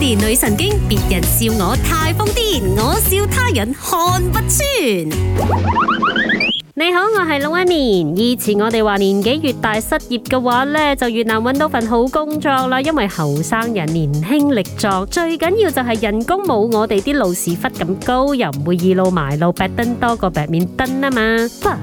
年女神經，別人笑我太瘋癲，我笑他人看不穿。你好，我係老阿年。以前我哋話年紀越大失業嘅話呢，就越難揾到份好工作啦，因為後生人年輕力壯，最緊要就係人工冇我哋啲老屎忽咁高，又唔會易路埋路白燈多過白面燈啊嘛。But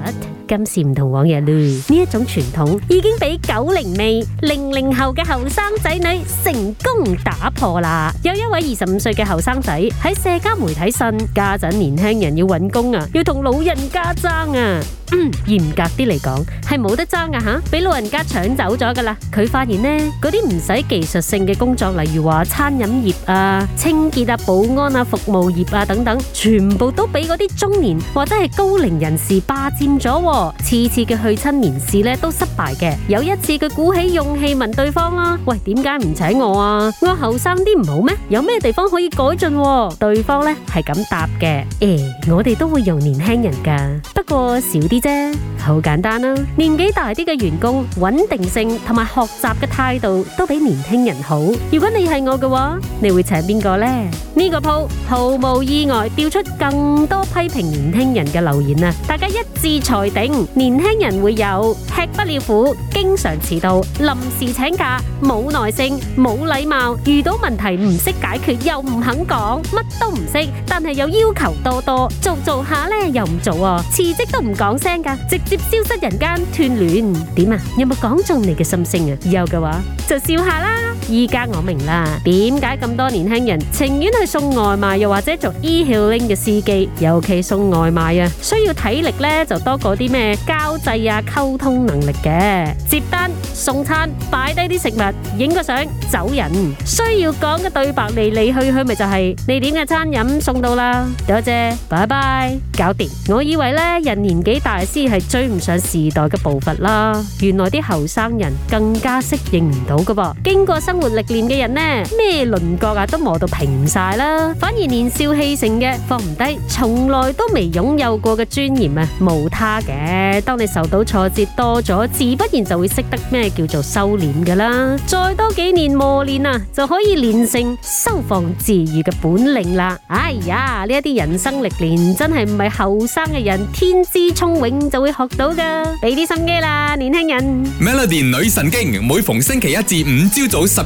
今時唔同往日嘞，呢一種傳統已經俾九零尾、零零後嘅後生仔女成功打破啦。有一位二十五歲嘅後生仔喺社交媒體信，家陣年輕人要揾工啊，要同老人家爭啊。嗯、嚴格啲嚟講，係冇得爭噶吓，俾老人家搶走咗噶啦。佢發現呢，嗰啲唔使技術性嘅工作，例如話餐飲業啊、清潔啊、保安啊、服務業啊等等，全部都俾嗰啲中年或者係高齡人士霸占咗。次次嘅去親面試呢都失敗嘅。有一次佢鼓起勇氣問對方啦、啊，喂，點解唔請我啊？我後生啲唔好咩？有咩地方可以改進、啊？對方呢係咁答嘅，誒、欸，我哋都會用年輕人噶，不過少啲啫。好簡單啦、啊，年紀大啲嘅員工穩定性同埋學習嘅態度都比年輕人好。如果你係我嘅話，你會請邊個呢？」呢個鋪毫無意外調出更多批評年輕人嘅留言啊！大家一致裁定。年輕人會有吃不了苦，經常遲到，臨時請假，冇耐性，冇禮貌，遇到問題唔識解決，又唔肯講，乜都唔識，但係又要求多多，做做下呢又唔做啊，辭職都唔講聲噶，直接消失人間，斷聯。點啊？有冇講中你嘅心聲啊？有嘅話就笑下啦。依家我明啦，點解咁多年輕人情願去送外賣，又或者做 e-hailing 嘅司機？尤其送外賣啊，需要體力咧就多過啲咩交際啊、溝通能力嘅接單、送餐、擺低啲食物、影個相、走人。需要講嘅對白嚟嚟去去，咪就係你點嘅餐飲送到啦，多謝，拜拜，搞掂。我以為咧人年紀大先係追唔上時代嘅步伐啦，原來啲後生人更加適應唔到噶噃。經過新活歷練嘅人呢，咩輪廓啊都磨到平晒啦，反而年少氣盛嘅，放唔低，從來都未擁有過嘅尊嚴啊，無他嘅，當你受到挫折多咗，自不然就會識得咩叫做修煉噶啦，再多幾年磨練啊，就可以練成收放自如嘅本領啦。哎呀，呢一啲人生歷練真係唔係後生嘅人天資聰穎就會學到噶，俾啲心機啦，年輕人。Melody 女神經，每逢星期一至五朝早十